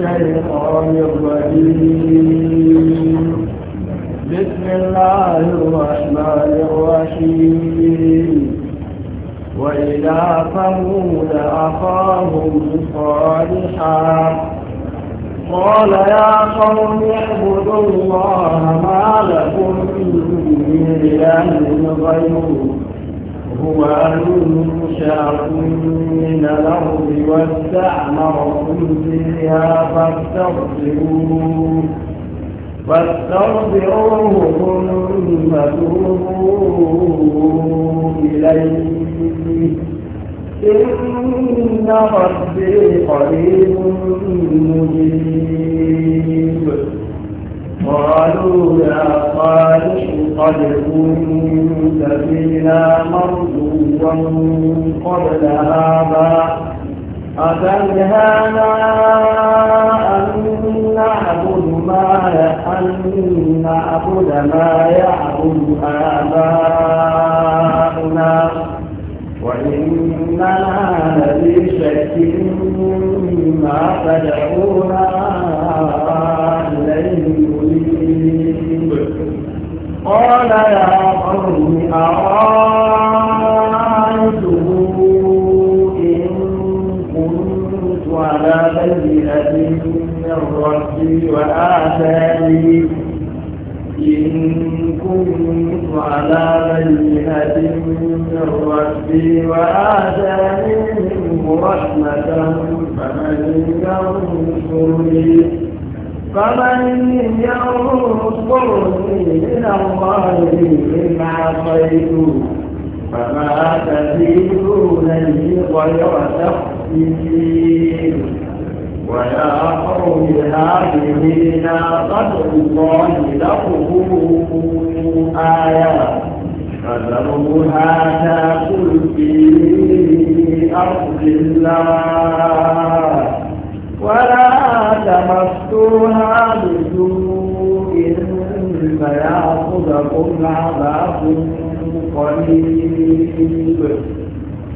الشيطان الرجيم بسم الله الرحمن الرحيم وإلى ثمود أخاهم صالحا قال يا قوم اعبدوا الله ما لكم من إله غيره هو أنشأكم من الأرض واستعمركم فيها فاستغفروه فاستغفروه ثم توبوا إليه إن ربي قريب مجيب قالوا يا صالح قد كنت فينا مرجوا قبل هذا أتنهانا أن نعبد ما أن نعبد ما يعبد آباؤنا وإننا لذي شك مما تدعونا إليه قال يا قوم أرأيتم إن كنت على بينة من ربي وآتاني إن كنت على بينة من ربي وآتاني منه رحمة فمن ينصر فمن ينصر من الله إن عصيت فما لي غير تخفيف ويا قوم هذه ناقة الله لكم آية فذروها تاكل في أرض الله ولا تمسوها بسوء فيأخذكم عذاب قريب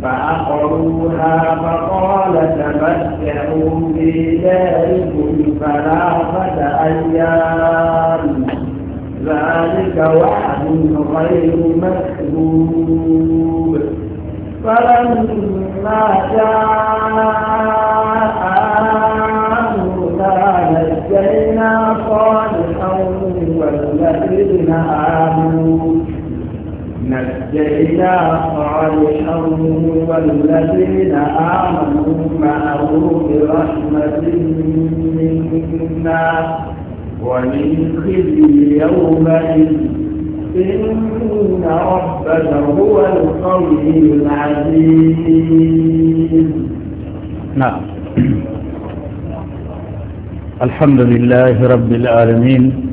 فعقروها فقال تمتعوا في داركم ثلاثة أيام ذلك وعد غير مكذوب فلما جاء الذين آمنوا نجينا صالحا والذين آمنوا معه برحمة منا ومن خزي يومئذ إن ربك هو القوي العزيز نعم الحمد لله رب العالمين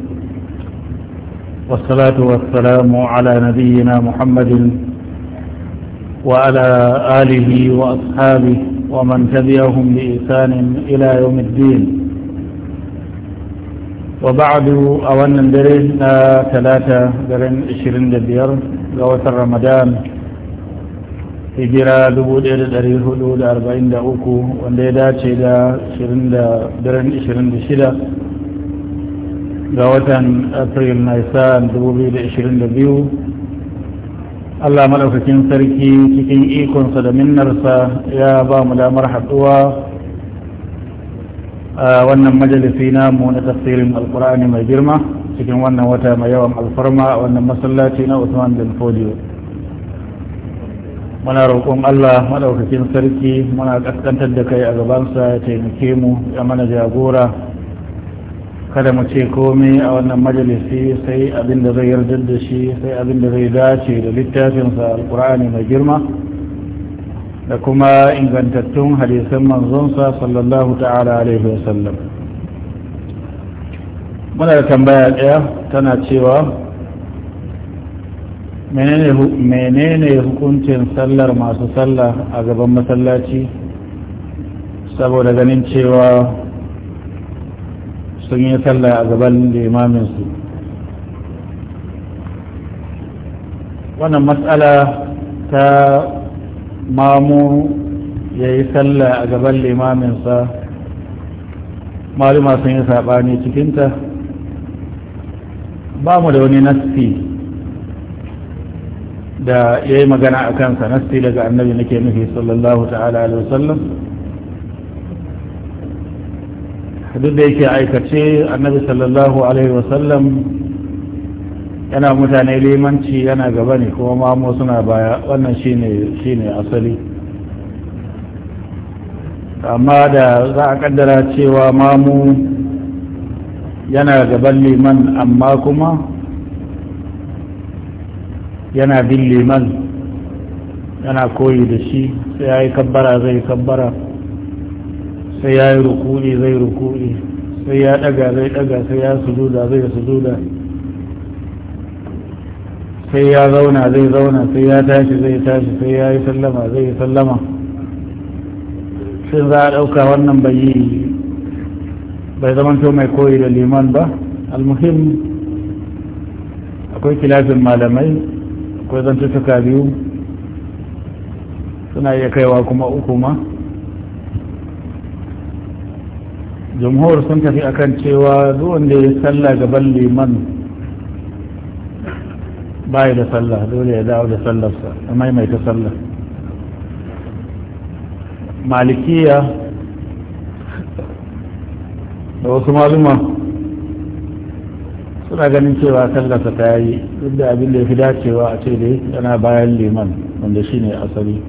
والصلاة والسلام على نبينا محمد وعلى آله وأصحابه ومن تبعهم بإحسان إلى يوم الدين وبعد أولا درين ثلاثة درين عشرين دبير قوة رمضان hijira 1443 wanda ya dace da 20 26 ga watan april nisan 2022 allah maɗaukakin sarki cikin ikonsa da minnarsa ya ba mu damar haɗuwa a wannan majalisi namu na tafsirin alkur'ani mai girma cikin wannan wata mai yawan alfarma a wannan masallaci na usman bin fodiyo muna roƙon Allah maɗaukakin sarki muna ƙasƙantar da kai a gabansa ya taimake mu ya mana jagora kada mu ce komai a wannan majalisi sai abin da zai yarda da shi sai abin da zai dace da littafinsa alkur'ani mai girma da kuma ingantattun hadisan manzonsa sallallahu ta'ala alaihi wasallam muna da tambaya ɗaya tana cewa menene hukuncin sallar masu sallah a gaban masallaci saboda ganin cewa sun yi sallah a gaban limaminsu wannan matsala ta mamu ya yi sallah a gaban limaminsa maluma sun yi saɓani cikinta ba mu da wani nasti da ya yi magana a kansa Nasti daga annabi nake nufi sallallahu ta'ala alaihi wasallam duk da yake aikace annabi sallallahu alaihi wasallam yana mutane limanci yana gaba ne kuma mamo suna baya wannan shine asali amma da za a kaddara cewa mamu yana gaban liman amma kuma yana bin liman yana koyi da shi sai ya yi kabbara zai kabbara sai ya yi rukuni zai rukuni sai ya daga zai daga sai ya sujuda zai sujuda sai ya zauna zai zauna sai ya tashi zai tashi sai ya yi sallama zai yi sallama shin za a ɗauka wannan bai yi bai zamanto mai koyi da liman ba almuhim akwai kilafin malamai akwai zantuttuka biyu suna iya kaiwa kuma uku ma jamhur sun tafi akan cewa duk wanda ya sallah gaban liman bai da sallah dole ya dawo da sallarsa a maimaita sallah malikiya da wasu maluma suna ganin cewa sallarsa ta yi duk da abin da ya fi dacewa a ce dai yana bayan liman wanda shine asali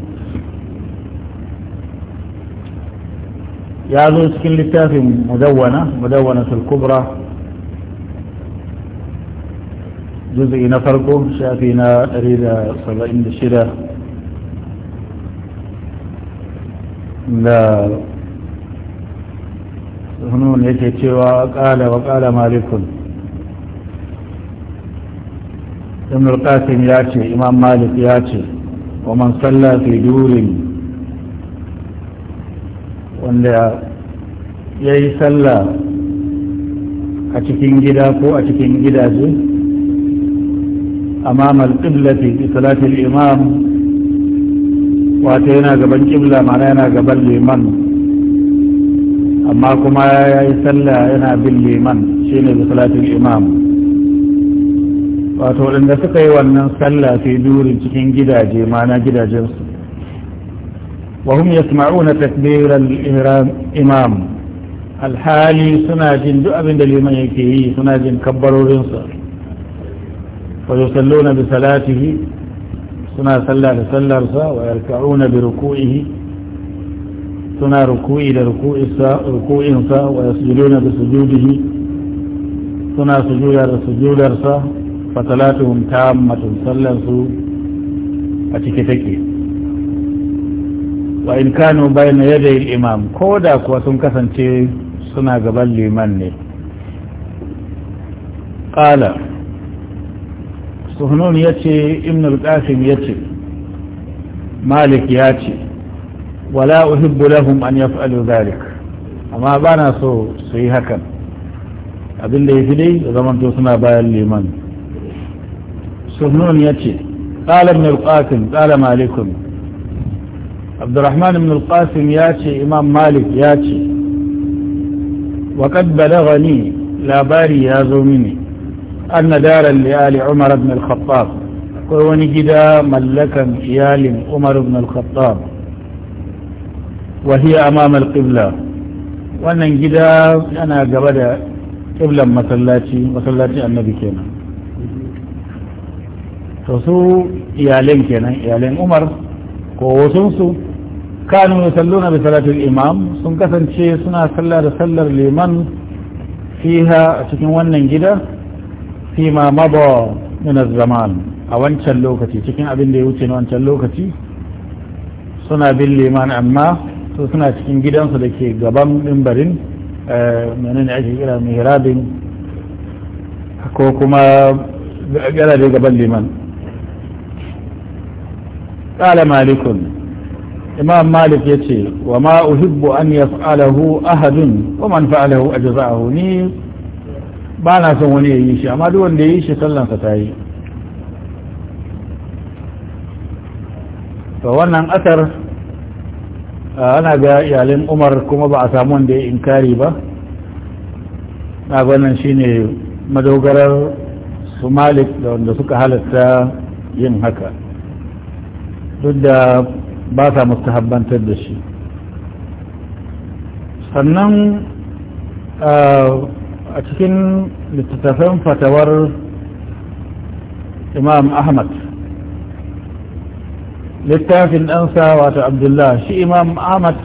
يا ذو اسكن للتافي مدونة مدونة الكبرى جزء نفركم شافينا أريد إن شدة لا هنون يكي وقال وقال مالك ابن القاسم ياتي إمام مالك ياتي ومن صلى في دور wanda ya yi sallah a cikin gida ko a cikin gidaje amma al ƙibla bi salati imam wato yana gaban ƙibla mana yana gaban liman amma kuma ya yi sallah yana bin liman shi ne salati imam wato waɗanda suka yi wannan sallah sai durin cikin gidaje mana gidajensu وهم يسمعون تكبير الإمام الحالي سناجن دؤب لمن يكيه سناجن كبروا رنصر ويصلون بصلاته سنا صلى لصلى ويركعون بركوعه سنا ركوعي لركوع ركوع ويسجدون بسجوده سنا سجودا لسجود رسا فصلاتهم تامة صلى أتكتكي wa in kanu bayna yadayil imam ko da kuwa sun kasance suna gaban liman ne qala suhunun yace ibn al ya ce. malik ya ce. wala uhibbu lahum an yaf'alu dhalik amma bana so su yi hakan abinda fi dai zamanto suna bayan liman suhunun yace qala ibn al-qasim qala malikun abdurrahman ibn al-qasim ya ce imam malik ya ce وقد بلغني labari ya zo mini anna dara liyali umar ibn al-khattab akwai wani gida mallakan iyalin umar ibn al-khattab wahiya amam al-qibla wannan gida yana gaba da qiblan masallaci masallaci annabi kenan to su iyalan kenan iyalan umar ko wasunsu kanu yusalluna bi salatul imam sun kasance suna sallar da sallar liman fiha a cikin wannan gida fi ma maba min zaman a wancan lokaci cikin abin da ya wuce na wancan lokaci suna bin liman amma su suna cikin gidansu da ke gaban mimbarin menene ake kira ko kuma yana da gaban liman قال مالك imam malik ya ce wa ma uhibbu an yaf'alahu ahadun wa man fa'alahu ajza'ahu ni ba na son wani ya yi shi amma duk wanda ya yi shi sallansa ta yi to wannan asar ana ga iyalin umar kuma ba a samu wanda ya inkari ba na ganin shine madogarar su malik da wanda suka halatta yin haka duk da ba sa mustahabbantar da shi sannan a cikin littattafan fatawar imam ahmad littafin ɗansa wata abdullah shi imam ahmad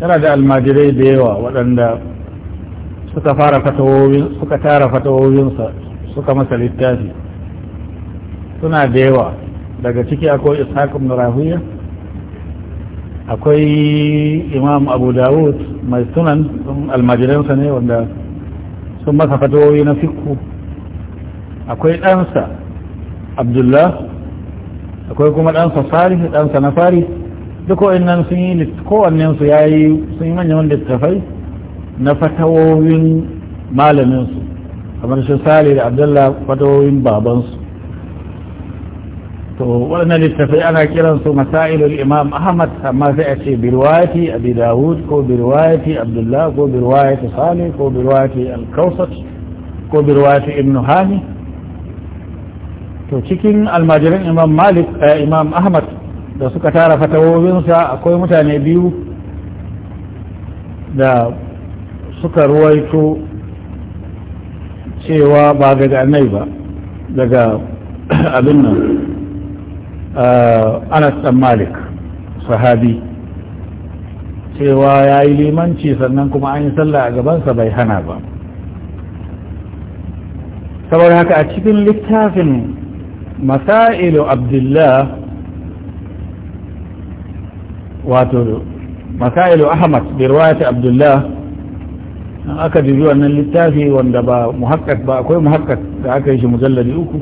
yana da almajirai da yawa waɗanda suka fara fatawowin suka tara fatawowinsa suka masa littafi suna da yawa daga ciki akwai ishaq ibn rahuya akwai imam abu dawud mai sunan almajiransa ne wanda sun masa fatawoyi na fikku akwai ɗansa abdullah akwai kuma ɗansa faris ɗansa na fari duk nan sun yi kowannensu ya yi sun yi manyan littafai na fatawoyin malaminsu kamar shi sale da abdullah fatawoyin babansu to waɗannan littafai ana kiransu masailul imam ahmad amma sai a ce birwayati abi dawud ko birwayati abdullah ko birwayati Sani ko birwayati al-kausat ko birwayati ibn hani to cikin almajirin imam malik eh, imam ahmad da suka tara fatawowinsa akwai mutane biyu da suka ruwaito cewa ba daga annai ba daga abin nan anas dan malik sahabi cewa ya yi limanci sannan kuma an yi sallah a gabansa bai hana ba saboda haka a cikin littafin masailu abdullah wato masailu ahmad bi riwayati abdullah an aka dubi wannan littafi wanda ba muhakkak ba akwai muhakkak da aka yi shi mujalladi uku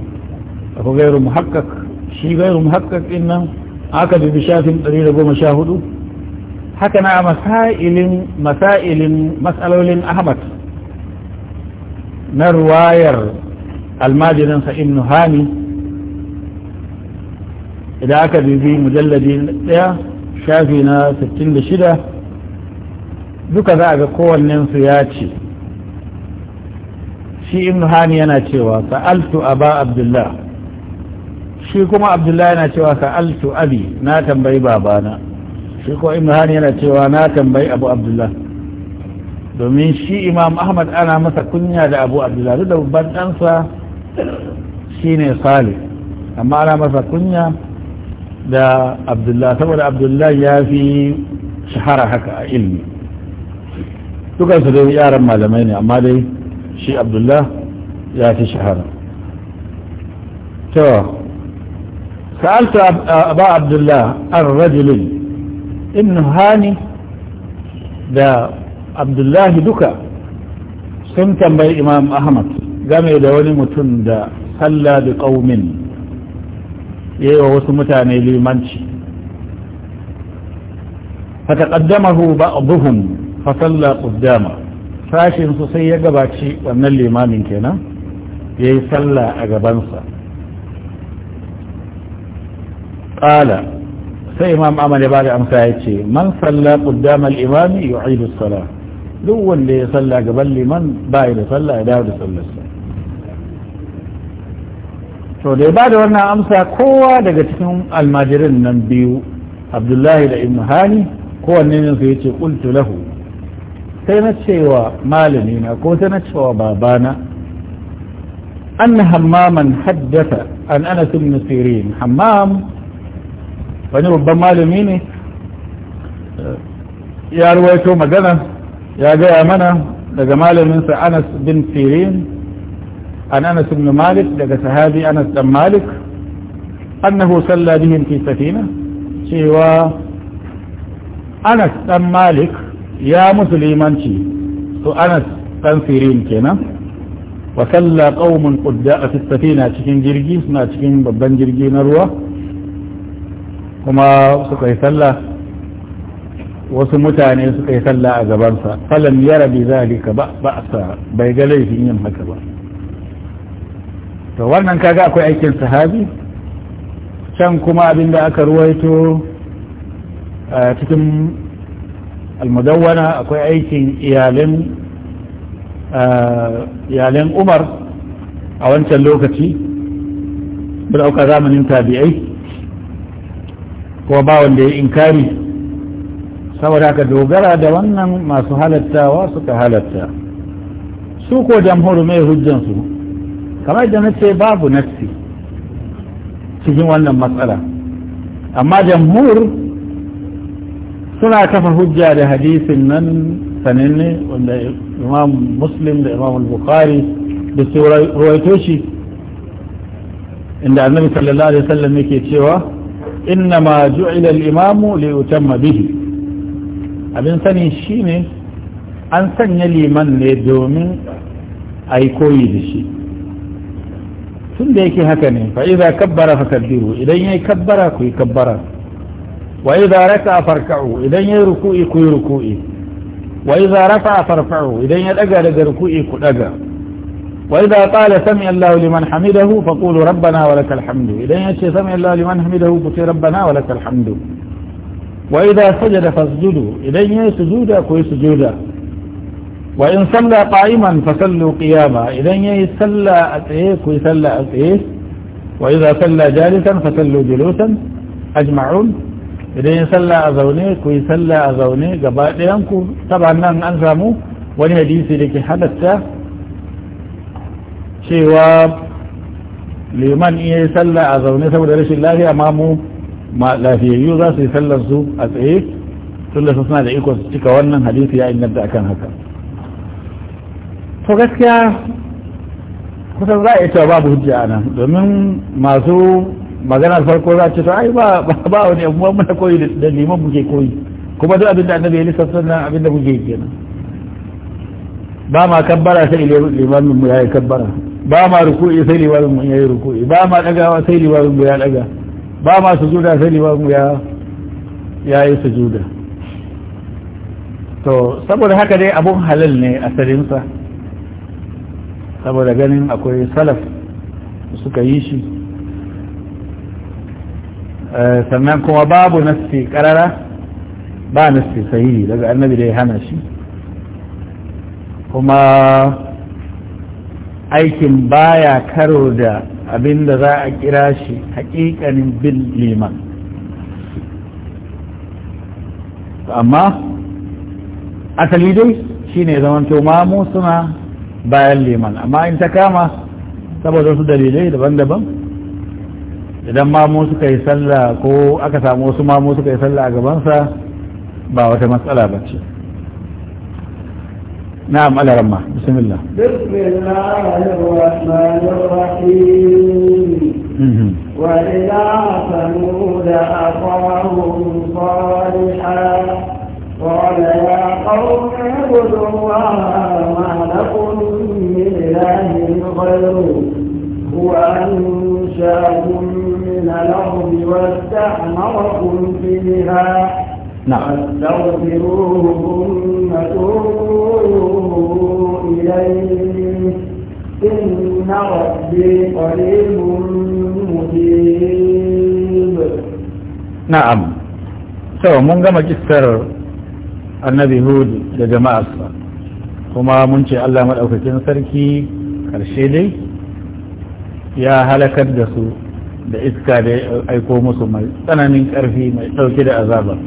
akwai gairu muhakkak shi gairu muhakkak nan aka dubi shafin 114 haka na masailin masailin masalolin ahmad na ruwayar almajirin sa hani idan aka dubi mujalladi daya shafi na 66 duka za a ga kowannensu ya ce shi ibn hani yana cewa sa'altu aba Abdullahi. shi kuma abdullahi yana cewa sa'altu abi na tambayi babana shi kuma imran yana cewa na tambayi abu abdullah domin shi imam ahmad ana masa kunya da abu abdullah duk da babban ɗansa shine salih amma ana masa kunya da abdullah saboda abdullah ya fi shahara haka a ilmi dukansu dai yaran malamai ne amma dai shi abdullah ya fi shahara سألت أبا عبد الله الرجل إن هاني دا عبد الله دكا سنتا بي إمام game da wani mutum da salla da ƙaumin ya yi wa wasu mutane limanci fataƙaddamahu ba'dhum fa salla qaddama sashin su sai ya gabaci wannan limamin kenan yayi sallah a gabansa qala sai imam amal ya bada amsa ya ce man salla qaddama al-imami yu'id as-salah duk wanda ya salla gaban liman bai da salla ya dawo da sa to da ya bada wannan amsa kowa daga cikin almajirin nan biyu abdullahi da ibn hani kowanne ne su yace qultu lahu sai na cewa malami na ko sai na cewa babana an hammaman haddasa, an anas ibn sirin hammam wani babban malami ne ya ruwaito magana ya gaya mana daga malaminsa anas bin sirin an anas bin malik daga sahabi anas dan malik annahu salla bihim fi safina cewa anas dan malik ya musulmanci to anas dan sirin kenan wa salla qaumun qudda fi safina cikin jirgi suna cikin babban jirgi na ruwa kuma suka yi sallah wasu mutane suka yi sallah a gabansa falam yara bi zalika ba ba sa bai ga laifin yin haka ba to wannan kaga akwai aikin sahabi can kuma abinda aka ruwaito a cikin almudawwana akwai aikin iyalin umar a wancan lokaci da auka zamanin tabi'ai ko ba wanda ya inkari saboda haka dogara da wannan masu halattawa suka halatta su ko jamhuru mai hujjansu kamar da nace babu nassi cikin wannan matsala amma jamhur suna kafa hujja da hadisin nan sananne wanda imam muslim da imam bukhari da su ruwaito shi inda annabi sallallahu alaihi wasallam yake cewa al جعل li yutamma bihi abin sani shine an sanya liman ne domin a yi koyi da shi tun da yake haka ne fa'iza kabbara kabbiru idan ya yi kabbara ku yi kabbara wa idza raka'a farka'u idan ya yi ruku'i ku yi ruku'i wa idza rafa'a farfa'u idan ya daga daga ruku'i ku daga وإذا قال سمع الله لمن حمده فقولوا ربنا ولك الحمد إذا يأتي سمع الله لمن حمده فقولوا ربنا ولك الحمد وإذا سجد فاسجدوا إذا يأتي سجودا كوي سجودا وإن صلى قائما فصلوا قياما إذا يأتي سلى أتئيه كوي سلى أتئيه وإذا صلى جالسا فصلوا جلوسا أجمعون إذا ya سلى a كوي سلى yi salla a zaune gaba ɗayanku tabannan an cewa liman iya yi sallah a zaune saboda rashin lafiya ma mu lafiyayyu za su yi sallar su a tsaye tun da suna da ikon su cika wannan hadisi ya inganta akan haka to gaskiya kusan za a yi cewa babu hujja a nan domin masu maganar farko za ce to ai ba ba wani abuwa muna koyi da liman muke koyi kuma duk abinda annabi ya lissa sannan abinda muke kenan ba ma kabbara sai liman mu ya yi kabbara ba ma ruku'i sai limamin mu yayi ruku'i ba ma dagawa sai limamin mu ya daga ba ma sujuda sai limamin mu ya yayi sujuda to saboda haka dai abun halal ne a asalinsa saboda ganin akwai salaf suka yi shi eh, sannan kuma babu nassi karara ba nassi sahihi daga annabi da ya hana shi kuma aikin baya karo da abin da za a kira shi hakikanin bin liman amma asali dai shine zamanto mamu suna bayan liman amma in ta kama saboda wasu dalilai daban-daban idan mamu suka yi sallah ko aka samu wasu mamu suka yi sallah a gabansa ba wata matsala ba ce نعم على رمى بسم الله بسم الله الرحمن الرحيم وإلى ثمود أخاهم صالحا قال يا قوم اعبدوا الله ما لكم من إله غيره هو أنشاكم من الأرض واستعمركم فيها na'am ثم mun gama kissar annabi hud da jama'arsa kuma mun ce allah maɗaukakin sarki ƙarshe dai ya halakar da su da iska da aiko musu mai tsananin ƙarfi mai ɗauke da azabar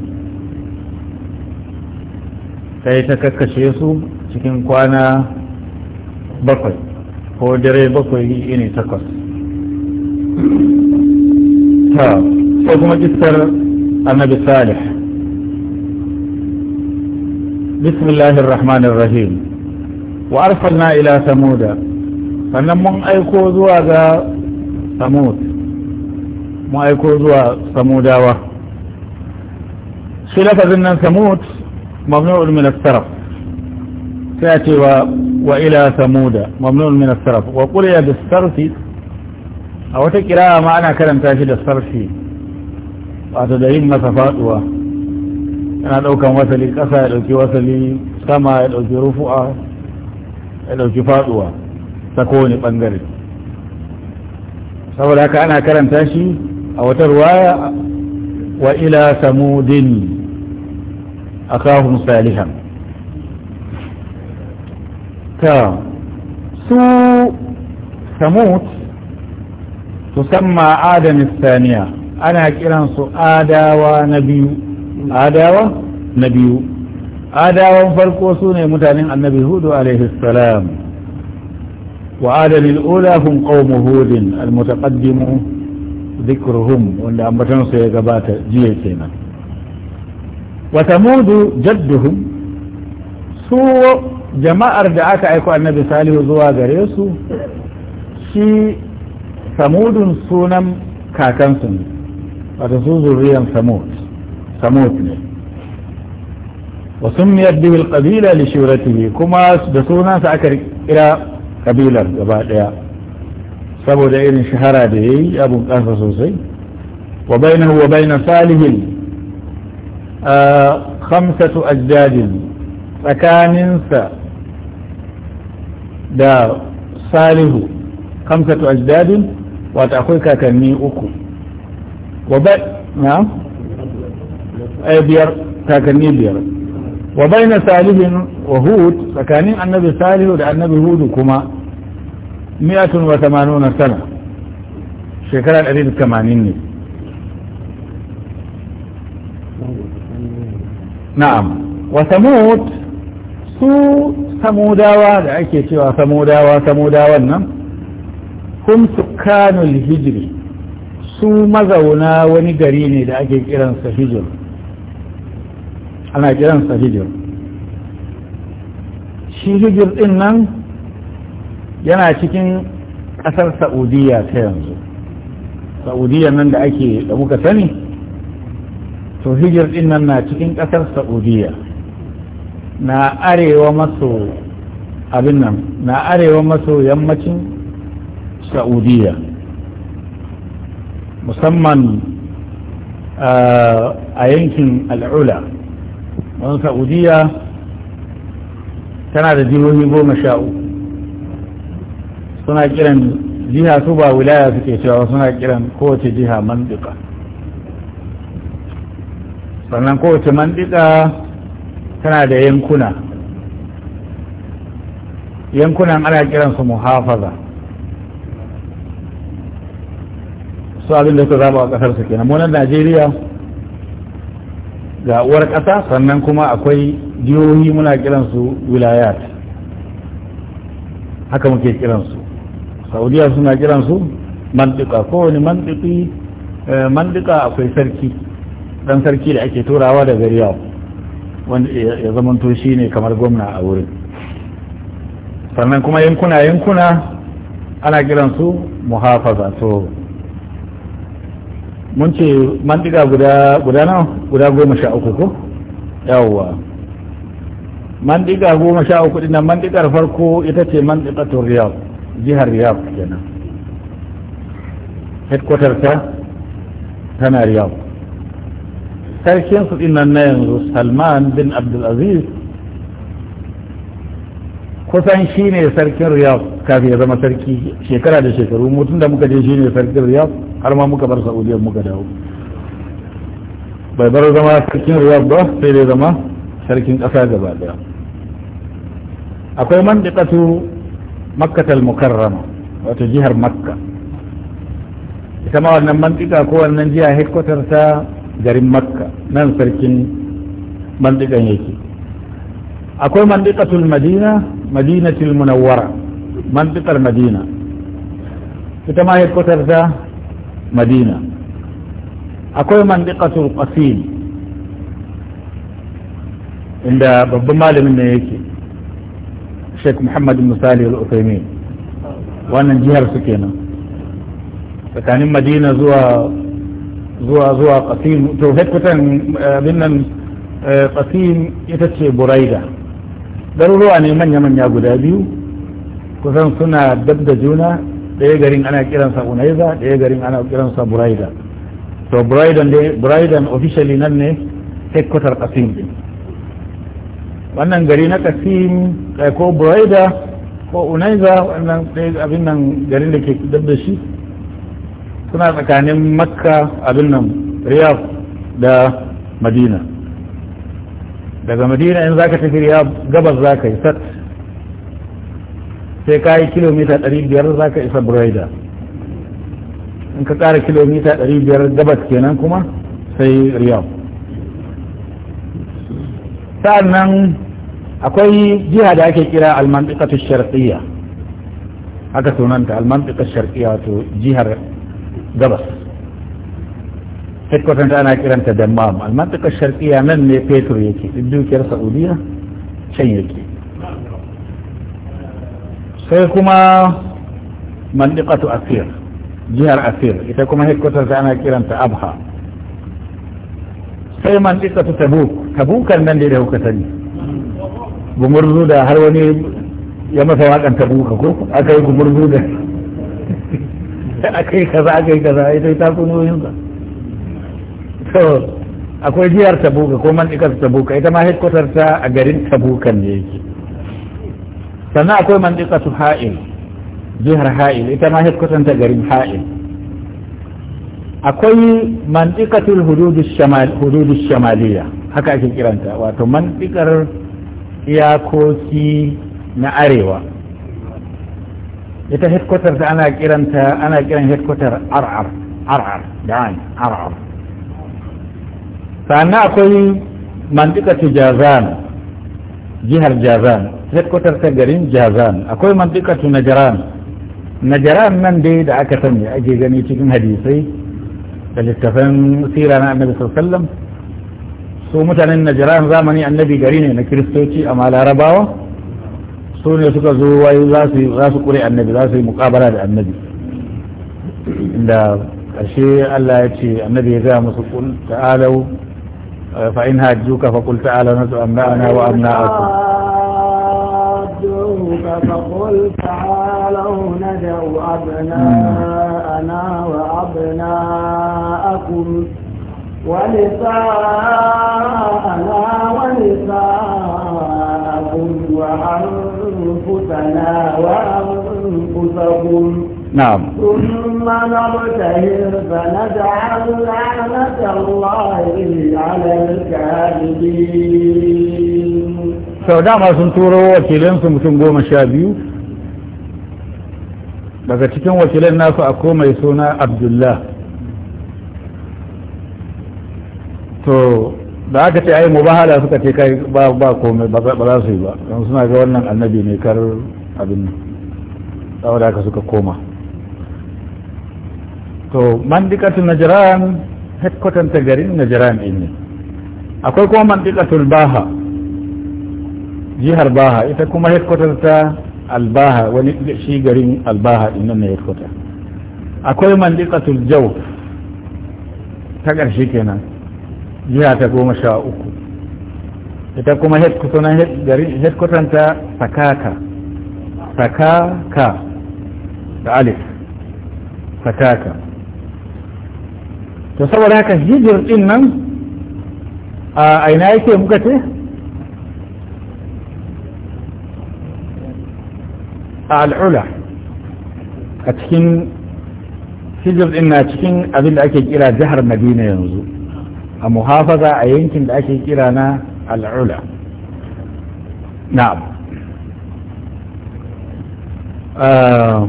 kai ta kakkashe su cikin kwana bakwai ko dare bakwai ne takwas ta ko kuma kistar annabi salih bismillahir rahmanir rahim wa arsalna ila samuda sannan mun aiko zuwa ga samud mun aiko zuwa samudawa shi lafazin nan samud ممنوع من السرف تأتي و... وإلى ثمود ممنوع من السرف وقل يا بالسرف أو تكرا معنى كلام تاشد السرف الصرف وأتدعين و أنا أدعوكم وصلي كسا أدعوكي وصلي سما أدعوكي رفوع أدعوكي فاتوة تكوني بانجري سأقول لك أنا كلام تأشي أو wata وإلى ثمود ila samudin akahum salihan ta su samut tusamma adam saniya ana kiransu adawa na biyu adawa na biyu adawan farko su ne mutanen annabi hudu alaihi salam wa adamil ula hum qaumu hudin wanda ambatansu ya gabata jiya kenan Wata mudu jadduhum su jama'ar da aka aiko annabi salihu zuwa gare su shi samudun sunan kakansu ne wata su zuriyan samud samud ne wa sun bihi al-qabila li kuma da sunansa aka kira kabilar gaba daya saboda irin shahara da yayi abun kansa sosai wa salihin آه، خمسة أجداد فكان ننسى دا صالح خمسة أجداد وتأخذك كمي أكو وبعد نعم أبير كمي بير وبين صالح وهود فكان النبي صالح دا النبي هود كما مئة وثمانون سنة شكرا أريد كمانيني na'am wa samud su samudawa da ake cewa samudawa samudawan nan hum sukanul hijri su mazauna wani gari ne da ake kiransa hijir ana kiransa hijir shi hijir din nan yana cikin kasar saudiya ta yanzu saudiya nan da ake da muka sani to hijir din nan na cikin ƙasar saudiya na arewa maso abin nan na arewa maso yammacin saudiya musamman eh, a yankin al'ula wani saudiya tana da jihohi goma sha suna kiran jiha su ba wilaya suke cewa suna kiran kowace jiha mandika sannan kowace mandika tana da yankuna yankunan ana kiransu muhafaza su abin da suka zaba a kasar su kenan munan najeriya ga uwar ƙasa sannan kuma akwai jihohi muna kiransu wilayat haka muke kiransu saudiya suna kiransu mandika kowane mandiki eh, mandika akwai sarki dan sarki da ake turawa daga riyau wanda ya zamanto shi ne kamar gwamna a wurin sannan kuma yankuna yankuna ana kiransu muhafaza to mun ce man diga guda guda nan guda goma sha uku ko yawwa man diga goma sha uku dinnan man digar farko ita ce man digatun riyau jihar riyau kenan headquarter ta tana riyau sarkinsu dinnan na yanzu salman bin abdulaziz kusan shi ne sarkin riyadh kafin ya zama sarki shekara da shekaru mutum da muka je shi ne sarkin riyadh har ma muka bar sa'udiyar muka dawo bai bar zama sarkin riyadh ba sai dai zama sarkin ƙasa gaba daya akwai man da makkatal mukarrama wato jihar makka ita ma wannan mantika ko wannan jiya headquarter ta garin makka nan sarkin mandikan yake akwai mandikatul madina madinatul munawwara mandikar madina ita ma headquarter ta madina akwai mandikatul qasim inda babban malamin ne yake sheikh muhammad musali al-uthaymin wannan jihar su kenan tsakanin madina zuwa zuwa zuwa ƙasim to hekutan eh, abin nan eh, qasim ita ce buraida garuruwa ne manya manya guda biyu kusan suna dab da juna ɗaya garin ana kiransa unaiza ɗaya garin ana kiransa buraida to buraidan dai buraidan officially nan ne hekutar ƙasim wannan gari na ƙasim eh, ko buraida ko unaiza wannan abin nan garin da ke dab da shi suna tsakanin makka abin nan riyadh da madina daga madina in zaka tafi riyadh gabas zaka yi sat sai ka yi kilomita 500 zaka isa buraida in ka kara kilomita 500 gabas kenan kuma sai riyadh sa'an akwai jiha da ake kira almantikatu sharqiyya haka sunanta almantikatu sharqiyya wato jihar gabas headquarter ana kiranta dammam almantakar sharkiya nan ne fetur yake duk dukiyar saudiya can yake sai kuma mandikatu asir jihar asir ita kuma headquarter ana kiranta abha sai mandikatu tabuk tabukan nan ne da kuka sani gumurzu da har wani ya masa wakan tabuka ko aka yi gumurzu da da kaza aka kaza ita ta kunoyin sa to akwai jihar tabuka ko mantikar tabuka ita ma headquarter ta a garin tabukan ne yake sannan akwai mantikar su ha'il jihar ha'il ita ma headquarter ta garin ha'il akwai mantikatul hududu shamaliya haka ake kiranta wato mandikar iyakoki na arewa ita headquarter ta ana kiranta ana kiran headquarter ar'ar ar'ar da an ar'ar sannan akwai mantikatu jazan jihar jazan headquarter ta garin jazan akwai mantikatu najaran najaran nan dai da aka sani ake gani cikin hadisai da littafin sira na annabi sallallahu su mutanen najaran zamani annabi gari ne na kiristoci amma larabawa su ne suka zo wai za su kure annabi za su yi mukabara da annabi inda ƙarshe Allah ya ce annabi ya gaya musu kun ta'alau fa in hajjuka fa kul ta'ala nasu amna'ana wa amna'akum فقل تعالوا ندعو أبناءنا وأبناءكم ونساءنا نقل وأنفسكم نعم ثم فنجعل لعنة الله على الكاذبين sau dama sun turo wakilansu mutum goma sha biyu daga cikin wakilan nasu a mai suna abdullah to da aka ce ai mubahala suka ce kai ba ba komai ba za su yi ba don suna ga wannan annabi ne kar abin saboda haka suka koma to mandikatul najran hekkotan ta garin najran din ne akwai kuma mandikatul baha jihar baha ita kuma hekkotan ta albaha wani shi garin albaha din nan ne hekkota akwai mandikatul jaw ta ƙarshe kenan jiha ta goma sha uku ita kuma headquarter ta sakaka sakaka da alif sakaka to saboda haka hijir din nan a aina yake muka ce a al'ula a cikin hijir din na cikin abin da ake kira jihar madina yanzu a muhafaza a yankin da ake kira na al'ula na'am ah,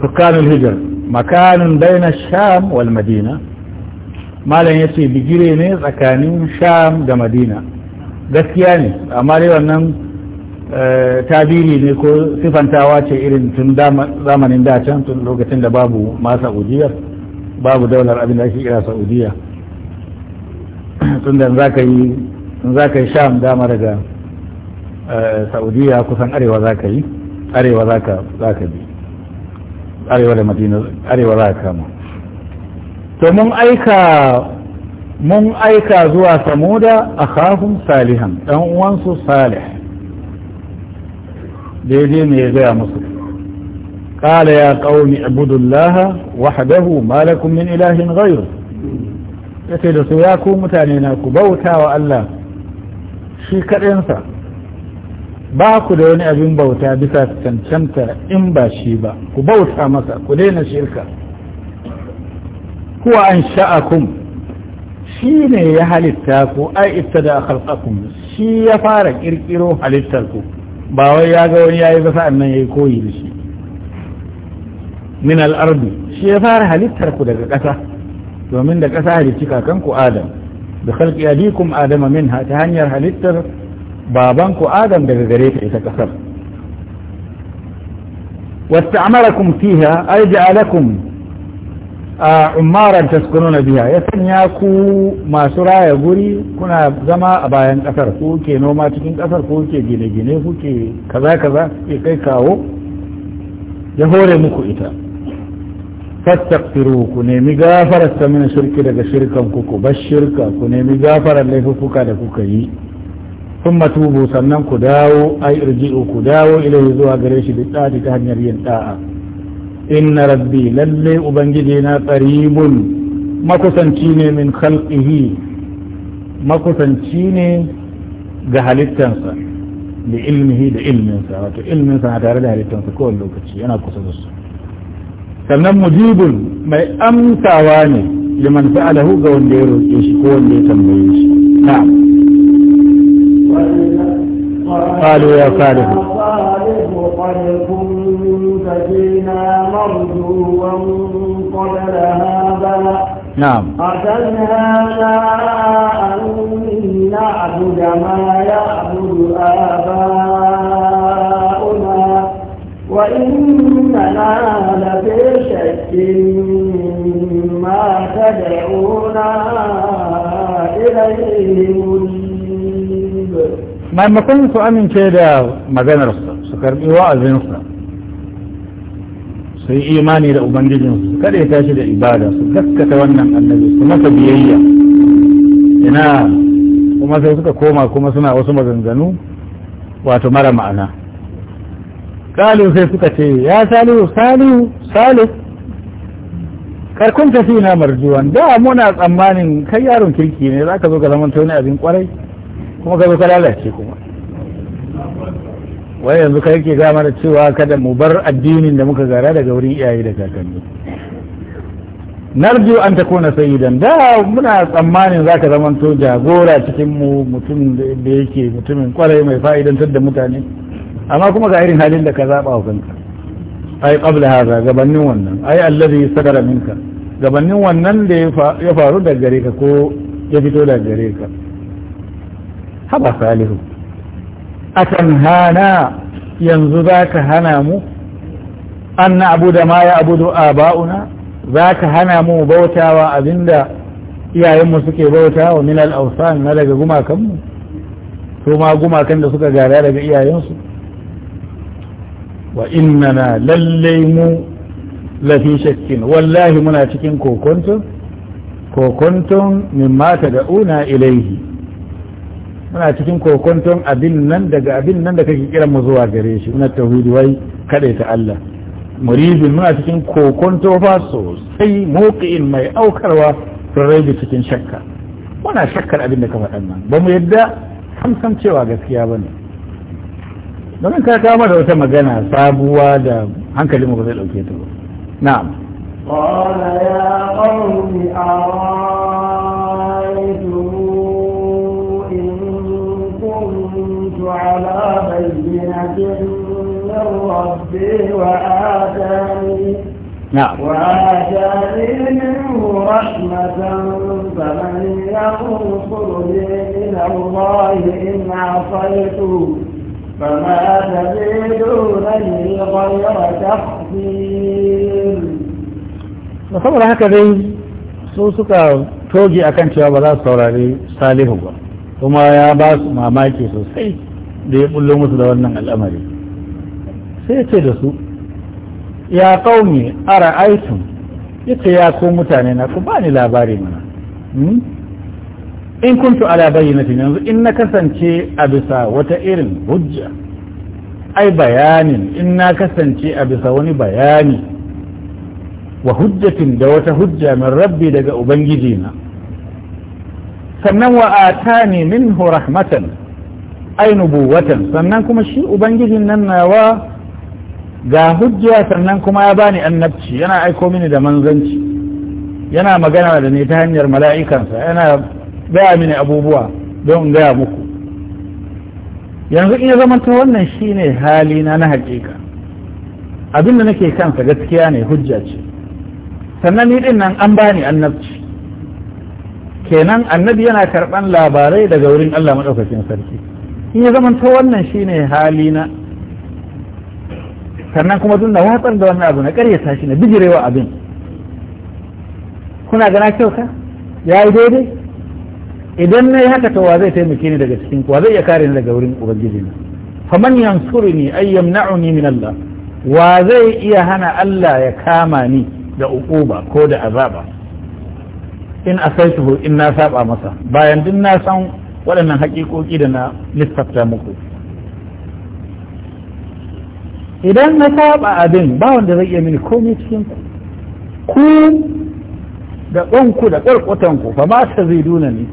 sukanul hijir makanin baina sham wal madina malam ya ce bigire ne tsakanin sham da madina gaskiya ne amma dai wannan eh, tabiri ne ko sifantawa ce irin tun zamanin dacen tun lokacin da babu ma ujiyar babu daular abin da ake kira sa'udiyar tunda za ka yi in za ka yi sham dama daga eh, saudiya kusan arewa za ka yi arewa za ka bi arewa da madina arewa za ka kama to mun aika mun aika zuwa samuda a kafin salihan dan uwansu salih daidai ne ya gaya musu قال يا قوم اعبدوا الله وحده ما لكم من إله غيره ya ce da su ya ku mutane na ku bauta wa Allah shi kaɗinsa ba ku da wani abin bauta bisa cancanta in ba shi ba ku bauta masa ku daina shirka kuwa an sha'akum shi ne ya halitta ku ai ita da khalqakum shi ya fara kirkiro halittar ku ba wai ya ga wani yayi ba sa'an nan yayi koyi da shi min al shi ya fara halittar ku daga ƙasa domin da ƙasa da cika kanku adam da halki adikum adama min ta hanyar halittar babanku adam daga gare ta ita ƙasar wata amarakun fiha ai ji alakun a umaran taskuno na biya ya sanya ku masu raya guri kuna zama a bayan ƙasar ku ke noma cikin ƙasar ku ke gine-gine ku ke kaza-kaza ke kai kawo ya hore muku ita fastaghfiru ku nemi gafarar ta min shirki daga shirkan ku ku bar shirka ku nemi gafarar laifuka da kuka yi sun توبوا sannan ku dawo ai irji'u ku dawo ilai zuwa gare shi bi ta hanyar yin da'a inna rabbi lalle ubangiji na qaribun makusanci ne min khalqihi makusanci ne ga halittansa da ilmihi da ilminsa wato ilminsa na tare da halittansa kowane lokaci yana kusa da su sannan mujibun mai amsawa ne liman fa'alahu ga wanda ya roƙe shi ko wanda ya tambaye shi na قالوا يا صالح قد كنت فينا مرجوا قبل هذا نعم أتنهانا أن نعبد ما يعبد آباؤنا وإن ربنا لا بشك مما تدعونا إليه منيب ما ما كنت أمن كده ما بين رصد سكر إيواء زي نصنا سي إيماني لأبن جدي نصنا سكر إيتاش لإبادة سكر كتوانا النبي سمع تبيئية هنا وما سيكون كوما كوما سنا وسمع زنزنو واتو مرة معناه قالوا sai suka ce ya Salihu Salihu kar kun tafi na marjuwan da muna tsammanin kai yaron kirki ne za ka zo ka zama wani abin kwarai kuma ka zo ka lalace kuma wai yanzu kai ke gama da cewa kada mu bar addinin da muka gara daga wurin iyaye da kakanni narju an ta kona sayidan da muna tsammanin za ka zama to jagora cikin mu mutum da yake mutumin kwarai mai fa'idantar da mutane amma kuma ga irin halin da ka zaɓa wa kanka ai qabla haza gabanin wannan ai allazi sadara minka gabanin wannan da ya faru da gare ka ko ya fito da gare ka haba salihu akan hana yanzu za ka hana mu an na abu da ma ya abu da aba'una za ka hana mu bautawa abinda iyayenmu suke bautawa minal al'ausan na daga gumakanmu su ma gumakan da suka gara daga iyayensu wa innana lallai mu lafi shakkin wallahi muna cikin kokonton kokonton mimma ta da'una ilaihi muna cikin kokonton abin nan daga abin nan da kake kiran mu zuwa gare shi na tauhidi wai kada ta Allah muridin muna cikin kokonto fa sosai muqi'in mai aukarwa rarrai da cikin shakka muna shakkar abin da ka faɗan nan ba mu yadda samsam cewa gaskiya bane domin ka kama da wata magana sabuwa da hankali ba zai dauke ta ba na'am qala ya qawmi a'aytum in kuntu ala bayyinatin rabbi wa atani وآتاني منه رحمة فمن ينصرني من الله إن عصيته فما تزيدونني غير تخفير saboda haka dai su suka toge akan cewa ba za su saurari salihu ba kuma ya ba su mamaki sosai da ya bullo musu da wannan al'amari sai ce da su ya kaumi ara aitun ita ya ko mutane na ku ba ni labari mana hmm? in kuntu ala bayyinatin yanzu in na kasance a bisa wata irin hujja ai bayanin in na kasance a bisa wani bayani wa hujjatin da wata hujja min rabbi daga ubangiji na sannan wa atani minhu rahmatan ai nubuwatan sannan kuma shi ubangijin nan nawa ga hujja sannan kuma ya bani annabci yana aiko mini da manzanci yana magana da ni ta hanyar mala'ikansa yana gaya mini abubuwa don in gaya muku yanzu in ya zamanta wannan shine hali na na hakika abinda nake kansa gaskiya ne hujja ce sannan ni din nan an bani annabci kenan annabi yana karban labarai daga wurin Allah madaukakin sarki in ya zamanta wannan shine hali na sannan kuma tun da watsar da wannan abu na karyata shi na bijirewa abin kuna gana kyauta ya yi daidai idan na yi haka tawa zai taimake ni daga cikin kuwa zai iya kare ni daga wurin ubangiji na faman yansuruni ay yamna'uni min Allah wa zai iya hana Allah ya kama ni da ukuba ko da azaba in asaituhu in na saba masa bayan din na san waɗannan haƙiƙoƙi da na lissafta muku idan na saba abin ba wanda zai iya mini komai cikin ku ku da ɗanku da ƙwarƙwatanku fa ma ta zai duna ni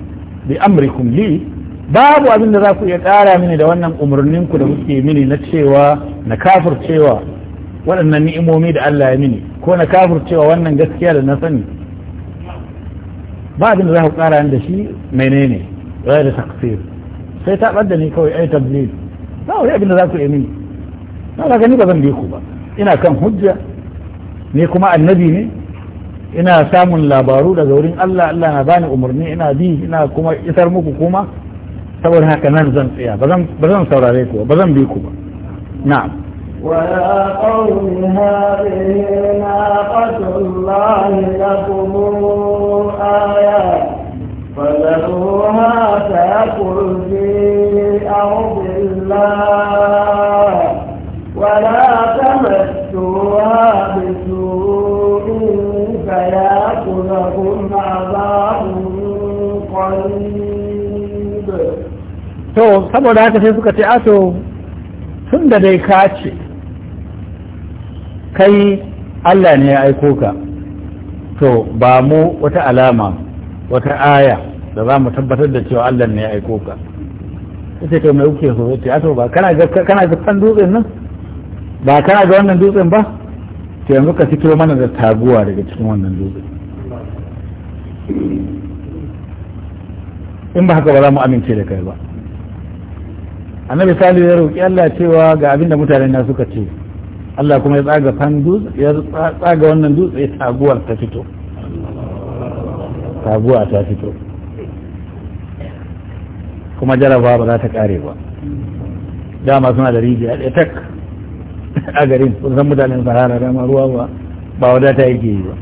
bi amrikum li babu abin da za ku iya ƙara mini da wannan umarnin ku da kuke mini na cewa na cewa waɗannan ni'imomi da Allah ya mini ko na cewa wannan gaskiya da na sani ba abin da za ku ƙara da shi menene rai da taksir sai ta ɓadda ni kawai ai tabbir ba wani abin da za ku iya mini na ga ni ba zan bi ku ba ina kan hujja ne kuma annabi ne ina samun labaru daga wurin Allah Allah na bani umarni ina bi ina kuma isar muku kuma saboda haka nan zan tsaya ba zan saurare ku ba zan bi ku ba na'am ويا قوم هذه ناقة الله لكم آيات فذروها تأكل في أرض الله ولا تمسوها بسوء لهم عذاب قريب to saboda haka sai suka ce ato tun da dai ka ce kai Allah ne ya aiko ka to ba mu wata alama wata aya da za mu tabbatar da cewa Allah ne ya aiko ka sai to mai kuke so ce ato ba kana ga kana ga kan dutsen nan ba kana ga wannan dutsen ba to yanzu ka fito mana da taguwa daga cikin wannan dutsen in ba haka ba za mu amince da kai ba annabi salihu ya roƙi Allah cewa ga abin da mutanen na suka ce Allah kuma ya tsaga fan ya tsaga wannan dutse ya taguwar ta fito taguwa ta fito kuma jaraba ba za ta kare ba dama suna da rijiya ɗaya tak a garin sun san mutanen sahara dama ruwa ba ba wadata yake yi ba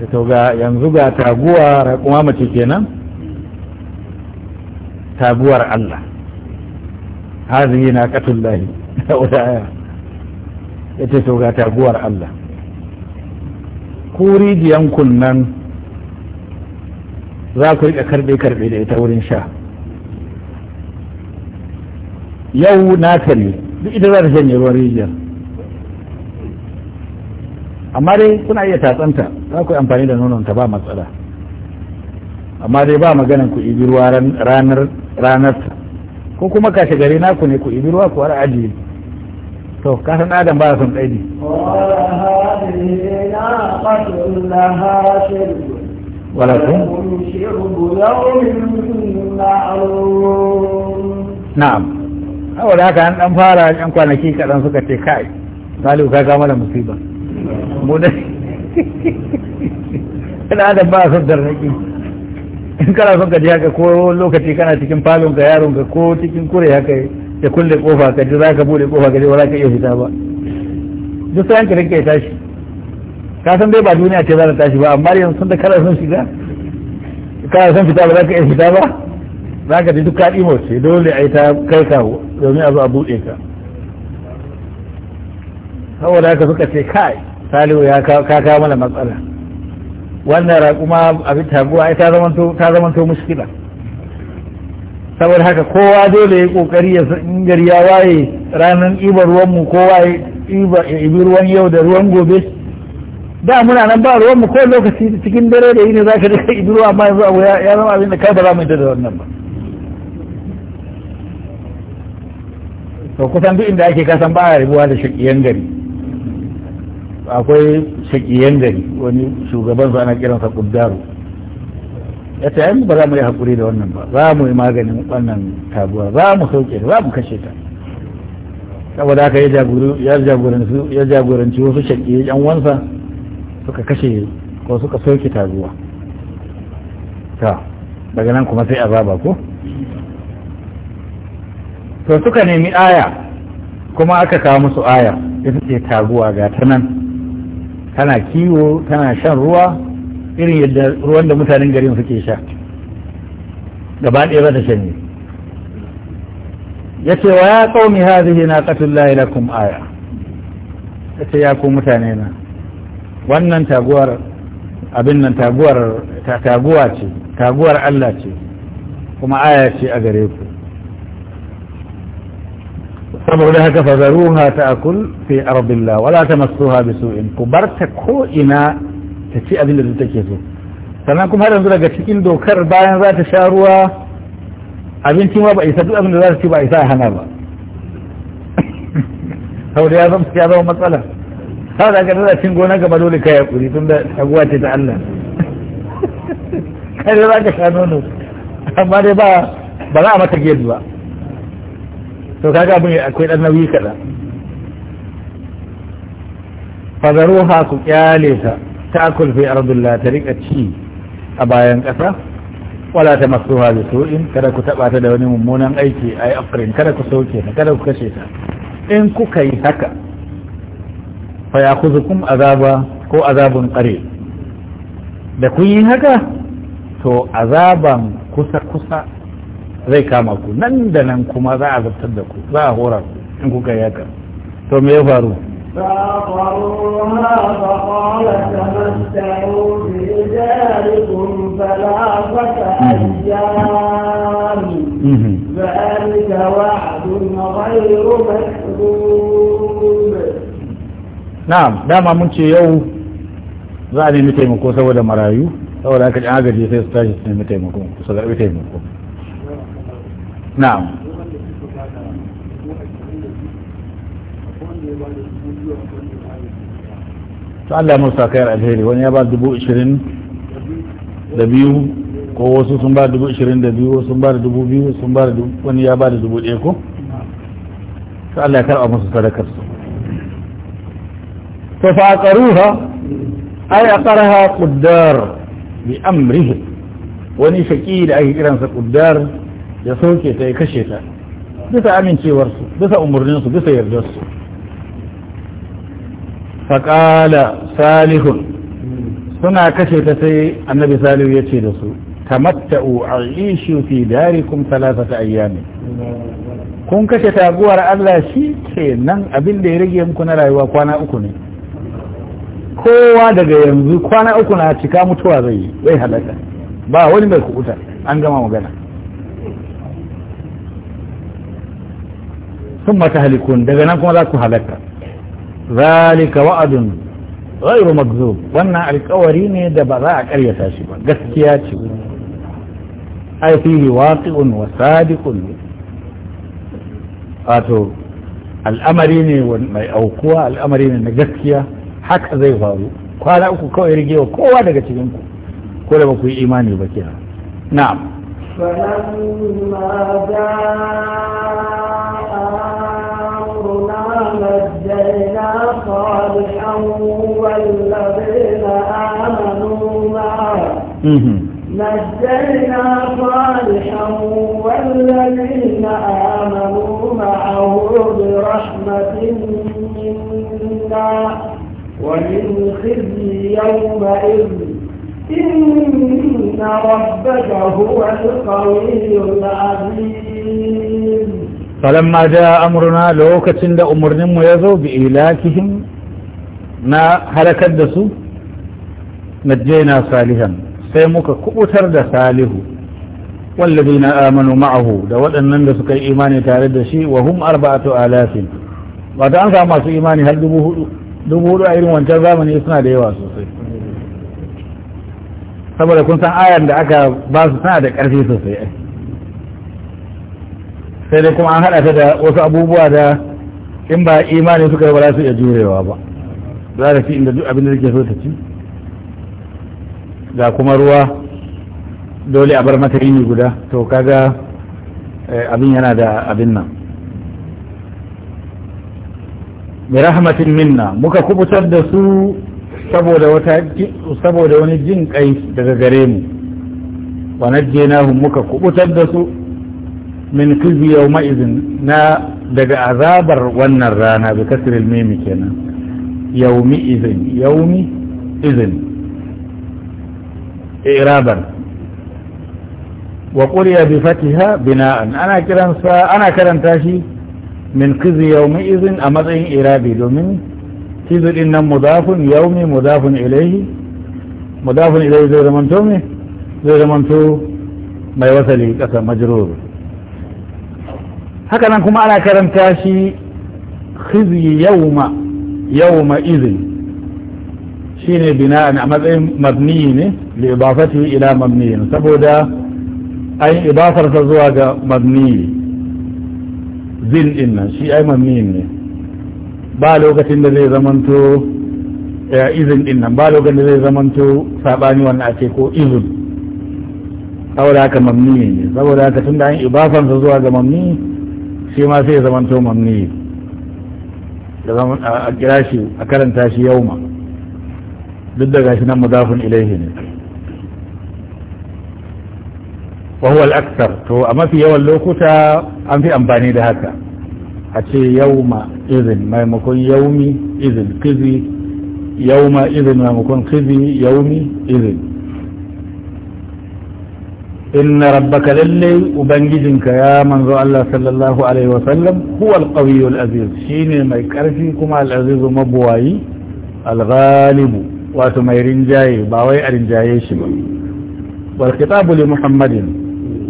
ta to ga yanzu ga taguwa kuma mace kenan taguwar Allah hazihi na katullahi wata aya ita to ga taguwar Allah ku rijiyan kunnan za ku riƙa karɓe-karɓe da ita wurin sha yau na kare duk ita za ta shanye ruwan rijiyar amma dai kuna iya tatsanta za ku amfani da nonon ta ba matsala amma dai ba maganan ku ibi ruwa ranar ranar ko kuma kashe gari naku ne ku ibi ruwa ku har ajiye to kasan adam ba son tsaidi ولكم شرب يوم saboda haka an dan fara yan kwanaki kaɗan suka ce kai Salihu ka ga da musiba mu dai ina adam ba son darnaki in kana son ka ji haka ko lokaci kana cikin falon ka yaron ka ko cikin kure haka ya kulle kofa ka ji za ka bude kofa ka ji wala ka iya fita ba duk sai hankalin ka ya tashi ka san dai ba duniya ce za ta tashi ba amma yanzu sun da kana son shiga kana son fita ba za ka iya fita ba za ka ji duk ka ɗimo ce dole a yi ta kai ka domin a zo a buɗe ka saboda haka suka ce kai salihu ya kaka mana matsala wannan raƙuma abin taguwa ai ta zamanto muskila saboda haka kowa dole ya kokari ya in gari ya waye ranar ibar ruwanmu kowa ya ibi ruwan yau da ruwan gobe da muna nan ba ruwanmu ko lokaci cikin dare da yi ne za ka da ibi ruwa amma yanzu abu ya zama abin da kai ba za mu yi da wannan ba to kusan duk inda ake kasan ba a rabuwa da shakiyan gari akwai shakiyen gari wani shugaban ana kiransa kuddaru ya ta yi ba za mu yi haƙuri da wannan ba za mu yi maganin wannan taguwa za mu sauke za mu kashe ta saboda haka ya jagoranci wasu shaƙi yan wansa suka kashe ko suka sauke taguwa ta daga nan kuma sai azaba ko to suka nemi aya kuma aka kawo musu aya ita ce taguwa ga ta nan tana kiwo tana shan ruwa irin yadda ruwan da mutanen garin suke sha gaba ɗaya ba ta shan ne ya ce wa ya ƙaumi hazihi na ƙatullahi lakum aya ya ce ya ku mutane na wannan taguwar abin nan taguwar taguwa ce taguwar Allah ce kuma aya ce a gare ku saboda haka fazaruha ta akul fi ardillah wala tamassuha bisu'in ku barta ko ina ta ci abin da take so sannan kuma har yanzu daga cikin dokar bayan za ta sha ruwa abinci ma ba isa duk abin da za ta ci ba isa a hana ba saboda ya zama ya zama matsala har da ka cin gona gaba dole ka ya tun da aguwa ce ta Allah kai da za ka sha nono amma dai ba ba za a mata gedi ba to kaga abin akwai dan nauyi kaɗan fadaruha ku kyale ta ta'kul fi ardillah ta rika ci a bayan ƙasa wala ta masuha da su'in kada ku taɓa ta da wani mummunan aiki ai afrin kada ku sauke ta kada ku kashe ta in kuka yi haka fa yakhuzukum azaba ko azabun qarib da kun yi haka to azaban kusa kusa zai kama ku nan da nan kuma za a zartar da ku za a hora in kuka yi haka to me ya faru فعقروها فقال تمتعوا في داركم ثلاثة أيام ذلك وعد غير مكذوب نعم دام منشي يوم za a nemi taimako saboda marayu saboda aka ji agaji sai su tashi su nemi taimako su zaɓi taimako na'am to Allah ya musa kayar alheri wani ya ba dubu ishirin da biyu ko wasu sun ba dubu ishirin da biyu sun ba dubu biyu sun ba dubu wani ya ba dubu ɗaya ko to Allah ya karɓa musu sadakar To fa faqaruha ay aqaraha quddar bi amrihi wani shaki da ake kiransa quddar ya sauke ta ya kashe ta bisa amincewarsu bisa umarninsu bisa yardarsu faƙala salihun suna kashe ta sai annabi salihu ya ce da su tamatta'u aishu fi darikum talatata ayyami kun kashe taguwar Allah shi ke nan abin da ya rage muku na rayuwa kwana uku ne kowa daga yanzu kwana uku na cika mutuwa zai yi zai halaka ba wani mai kukuta an gama magana ثم تهلكون دغنانكم ذاك هلكا ذلك وعد غير مكذوب وانا القوري ne da ba za a karyata shi ba gaskiya ce ai fihi waqi'un wa sadiqun wato al'amari ne mai aukuwa al'amari ne na gaskiya haka zai faru kwana uku kawai ragewa kowa daga cikin ku ko da ba ku yi imani ba kira na'am فلما صالحا والذين آمنوا معه نجينا صالحا والذين آمنوا معه برحمة منا ومن خزي يومئذ إن ربك هو القوي العزيز falamma ja amruna lokacin da umarninmu ya zo bi ilakihim na halakar da su najjena salihan sai muka kubutar da salihu wallazina amanu ma'ahu da waɗannan da suka yi imani tare da shi wa arba'atu alafin wato an samu masu imani har dubu hudu a irin wancan zamani suna da yawa sosai saboda kun san ayar da aka basu tana da ƙarfi sosai sai dai kuma an haɗa ta da wasu abubuwa da in ba imani suka yi ba su iya jurewa ba za da fi inda duk abin da so ta ci ga kuma ruwa dole a bar mata yini guda to kaga eh, abin yana da abin nan bi rahmatin minna muka kubutar da su saboda wata saboda wani jin kai daga gare mu wa najjaynahum muka kubutar da su min kizi yawma'izin na daga azabar wannan rana bi kasril mimi kenan yaumi izin yaumi izin iraban wa quriya bi fatiha bina'an ana kiransa ana karanta shi min kizi yaumi izin a matsayin irabi domin kizi din nan mudafun yaumi mudafun ilaihi mudafun ilaihi zai zamanto ne zai zamanto mai wasali kasa majrur haka nan kuma ana karanta shi khizyi yawma yawma izin shine bina'an a matsayin mabni ne li idafati ila mabni saboda ai idafar ta zuwa ga mabni zin din nan shi ai mabni ne ba lokacin da zai zamanto ya izin din nan ba lokacin da zai zamanto sabani wannan ake ko izin saboda haka mabni ne saboda haka tunda an idafar ta zuwa ga mabni shi ma sai ya zamanto mamni a kira shi a karanta shi yauma duk da gashi nan mudafin ilaihi ne wahuwa al'aksar to a mafi yawan lokuta an fi amfani da haka a ce yauma izin maimakon yaumi izin kizi yauma izin maimakon kizi yaumi izin inna rabbaka lallai ubangijinka ya manzo Allah sallallahu alaihi wasallam huwa alqawiyyu alaziz shine mai karfi kuma alazizu mabuwayi alghalibu wato mai rinjaye ba wai a rinjaye shi ba wal khitabu li muhammadin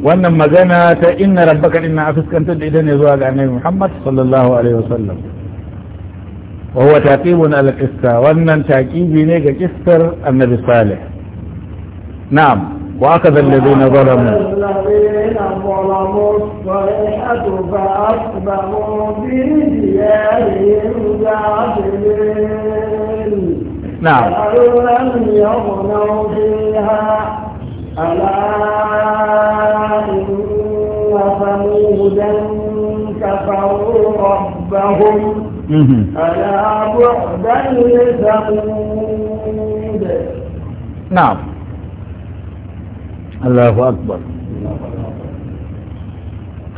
wannan magana ta inna rabbaka inna afiskantar da idan ne zuwa ga annabi muhammad sallallahu alaihi wasallam wa huwa taqibun al wannan taqibi ne ga qissar annabi salih na'am وأخذ الذين ظلموا الذين ظلموا الصيحة فأصبحوا بديارهم جاثمين نعم لم يغنوا فيها ألا إن ثمودا كفروا ربهم ألا بعدا لثمود نعم Allahu akbar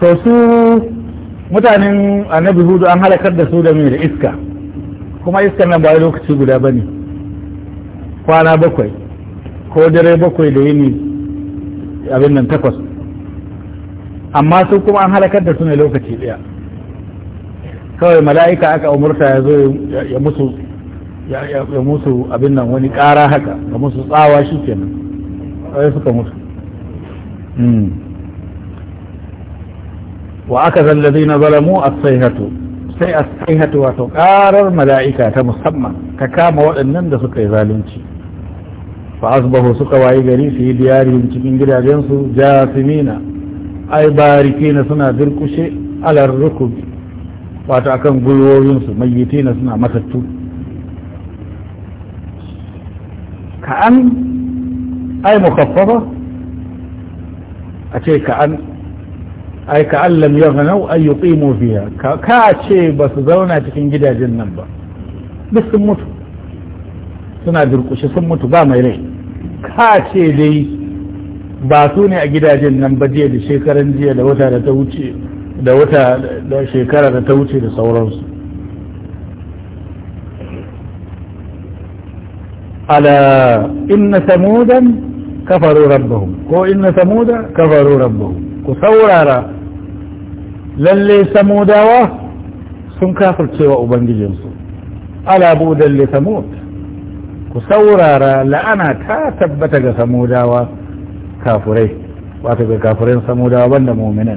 to su mutanen annabi hudu an halakar da su da mai da iska kuma iska nan ba lokaci guda ba ne kwana bakwai ko dare bakwai da yini abin nan takwas amma su kuma an halakar da su ne lokaci daya kawai mala'ika aka umurta ya zo ya musu ya musu abin nan wani ƙara haka ga musu tsawa shi kenan sai suka mutu Hmm. wa aka zallazi na zalamu a hatu sai a hatu wato karar mala'ika ta musamman ka kama waɗannan da suka yi zalunci fa asbahu suka wayi gari su yi diyari cikin gidajensu jasimina ai barikina suna durkushe alar rukubi wato akan gwiwoyinsu na suna matattu an ai mukaffafa a ce ka'an ai ka'an lam yaghnau ay yuqimu fiha ka ce ba su zauna cikin gidajen nan ba duk sun mutu suna durkushe sun mutu ba mai rai ka ce dai ba su ne a gidajen nan ba jiya da shekaran jiya da wata da ta wuce da wata da shekara da ta wuce da sauransu ala inna samudan كفروا ربهم كو إن ثمود كفروا ربهم كو سورارا للي ثمودا سن كافر تسوى أبن جنسو ألا بودا لثمود كو سورارا لأنا تا ثبتك ثمودا كافري واتك كافرين ثمودا وبند مؤمنا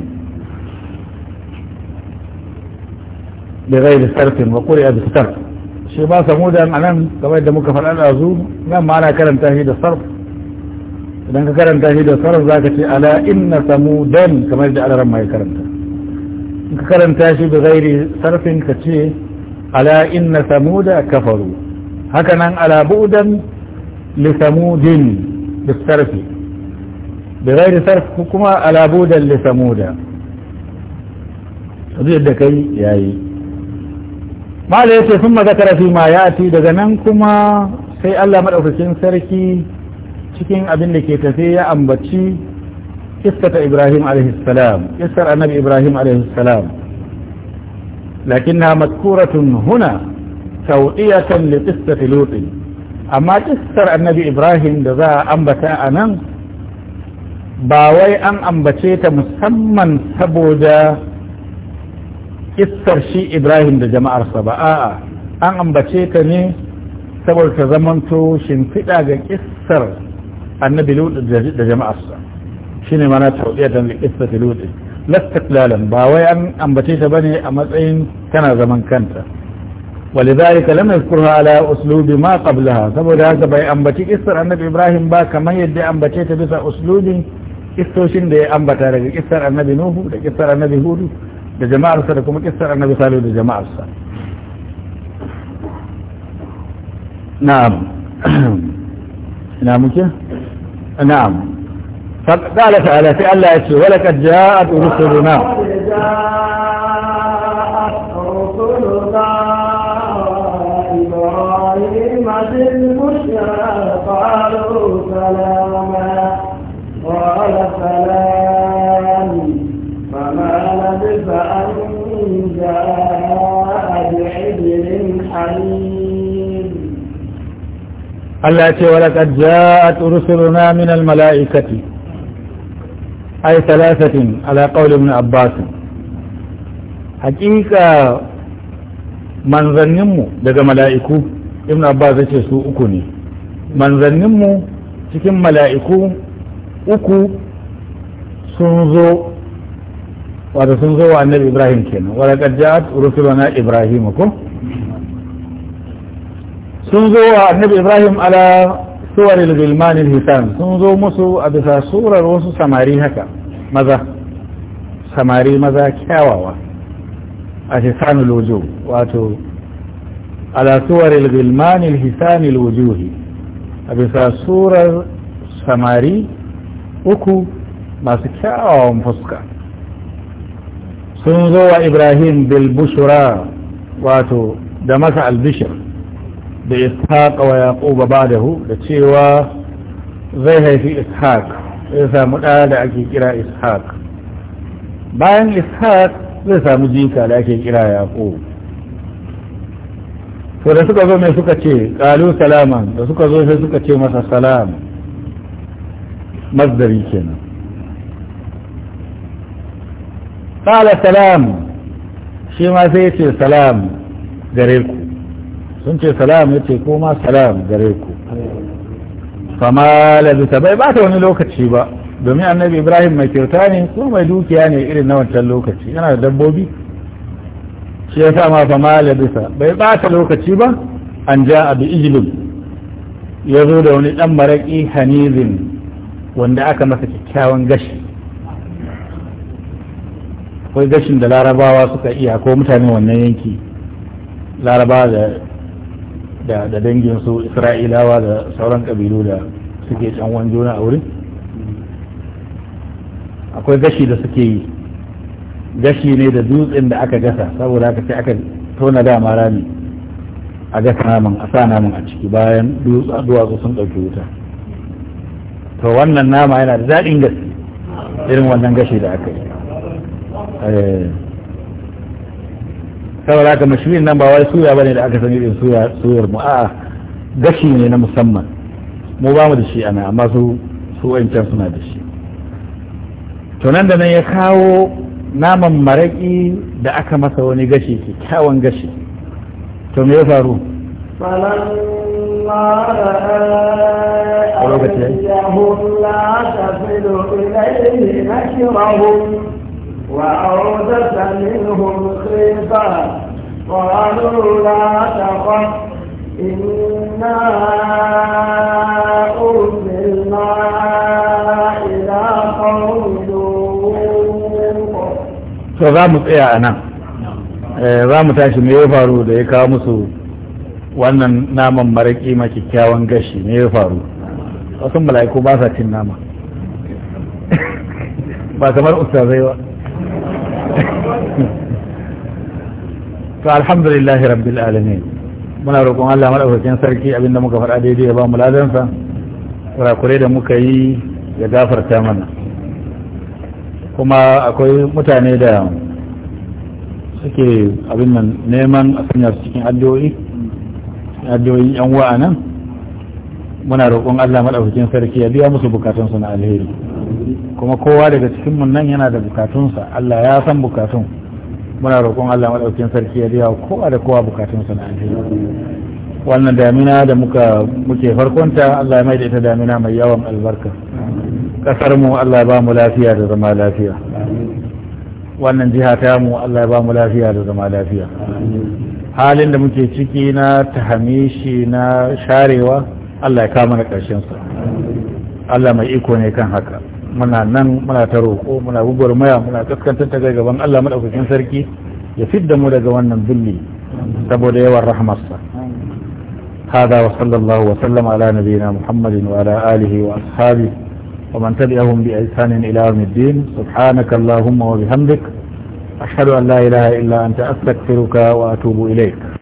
بغير سرط وقرئ بسرط شيء ما ثمودا معنا كما يدى مكفر الأزوم لما أنا كلم تهيد الصرف idan ka karanta shi da sarar za ka ce ala inna don kamar da alaran mai karanta in ka karanta shi da zairi sarfin ka ce ala inna da kafaru nan ala bu'udan li din da sarfi bi gairi sarfi kuma ala bu'udan li samuda zai da kai yayi mala ce sun magana fi ma ci daga nan kuma sai Allah madaukakin sarki cikin abin da ke tafe ya ambaci iskata ibrahim alaihissalam iskar annabi ibrahim alaihissalam na maskuratun huna tawdiyatan li qissati lut amma qissar annabi ibrahim da za a ambata a nan ba wai an ambace ta musamman saboda kissar shi ibrahim da jama'arsa ba a'a an ambace ta ne saboda ta zamanto shimfiɗa ga kissar النبي لود ده jama'arsa shine mana tawdiyatan li qissati lut la istiqlalan ba wai an ambace ta bane a matsayin tana ولذلك لم يذكرها على أسلوب ما قبلها سبب هذا بي أنبتي إسر النبي إبراهيم باك ما يدي أنبتيت بس أسلوب إستوشن دي أنبتا لك إسر النبي نوح لك إسر النبي هود لجماعة رسل لكم إسر النبي صالح لجماعة رسل نعم نعم كيف نعم فقال تعالى في ألا يسلو ولقد جاءت رسلنا قالوا سلام Allah ce wa laqad ja'at rusuluna min al-mala'ikati ay thalathatin ala qawli ibn Abbas hakika manzanninmu daga mala'iku ibn Abbas yace su uku ne manzanninmu cikin mala'iku uku sun zo wato sun zo wa annabi Ibrahim kenan wa laqad ja'at rusuluna Ibrahim ko سنزو نبي إبراهيم على صور الغلمان الهتان سنزو مسو أبثى صورة الوسو سماري هكا ماذا سماري ماذا كاواوا أهتان الوجوه واتو على صور الغلمان الهتان الوجوه أبثى صورة سماري أكو ما سكاواوا مفسكا سنزو إبراهيم بالبشرى واتو دمس البشر da ishaq wa yaquba ba'dahu da cewa zai haifi ishaq zai samu ɗaya da ake kira ishaq bayan ishaq zai samu jinka da ake kira yaqub to da suka zo mai suka ce ƙalu salaman da suka zo sai suka ce masa salam masdari kenan ƙala salam shi ma sai ya ce salam gare ku sun ce salam ya ce kuma salam gare ku fama labisa bai ba ta wani lokaci ba domin annabi ibrahim mai kyauta ne ko mai dukiya ne irin na wancan lokaci yana da dabbobi shi ya sa ma fama labisa bai ba ta lokaci ba an ja bi ijilin ya zo da wani dan maraƙi hanizin wanda aka masa kyakkyawan gashi akwai gashin da larabawa suka iya ko mutane wannan yanki larabawa da da da dangin su isra'ilawa da sauran kabilu da suke can wanjona a wurin akwai gashi da suke yi gashi ne da dutsen da aka gasa saboda aka ce aka tona dama rami a gasa naman a sa naman a ciki bayan duwatsu sun ɗauki wuta to wannan nama yana da daɗin gaske irin wannan gashi da aka yi eh. saboda haka mashmin nan ba wai suya bane da aka sani irin suya suyar mu a'a gashi ne na musamman mu ba mu da shi ana amma su su wancan suna da shi to nan da nan ya kawo naman maraƙi da aka masa wani gashi kyakkyawan gashi to me ya faru فلما رأى وأوجس منهم خيفة قالوا لا تخف إنا أرسلنا إلى قوم to za mu tsaya a nan eh, za mu tashi me ya faru da ya kawo musu wannan naman maraƙi ma kyakkyawan gashi me ya faru wasu mala'iku ba sa cin nama ba kamar ustazai ba to alhamdulillah rabbil alamin muna roƙon Allah madaukakin sarki abinda muka faɗa daidai ya ba mu kura kurakure da muka yi ya gafarta mana kuma akwai mutane da suke abin nan neman a sanya su cikin addu'o'i addu'o'in yan uwa nan muna roƙon Allah madaukakin sarki ya biya musu bukatunsu na alheri kuma kowa daga cikin mun nan yana da bukatunsa Allah ya san bukatun muna roƙon Allah ɗaukin sarki ya biya kowa da kowa bukatun sa wannan damina da muka muke farkonta Allah ya mai da ita damina mai yawan albarka ƙasar mu Allah ya ba mu lafiya da zama lafiya wannan jiha ta mu Allah ya ba mu lafiya da zama lafiya halin da muke ciki na tahamishi na sharewa Allah ya kama na ƙarshen su. Allah mai iko ne kan haka muna nan muna ta roƙo muna gugwar maya muna kaskantar ta gaban Allah maɗaukakin sarki ya fid da mu daga wannan billi saboda yawan rahamarsa hada wa sallallahu wa sallama ala nabiyina muhammadin wa ala alihi wa ashabi wa man tabi'ahum bi a ila yawm ad-din subhanaka allahumma wa bihamdik ashhadu an la ilaha illa anta astaghfiruka wa atubu ilayk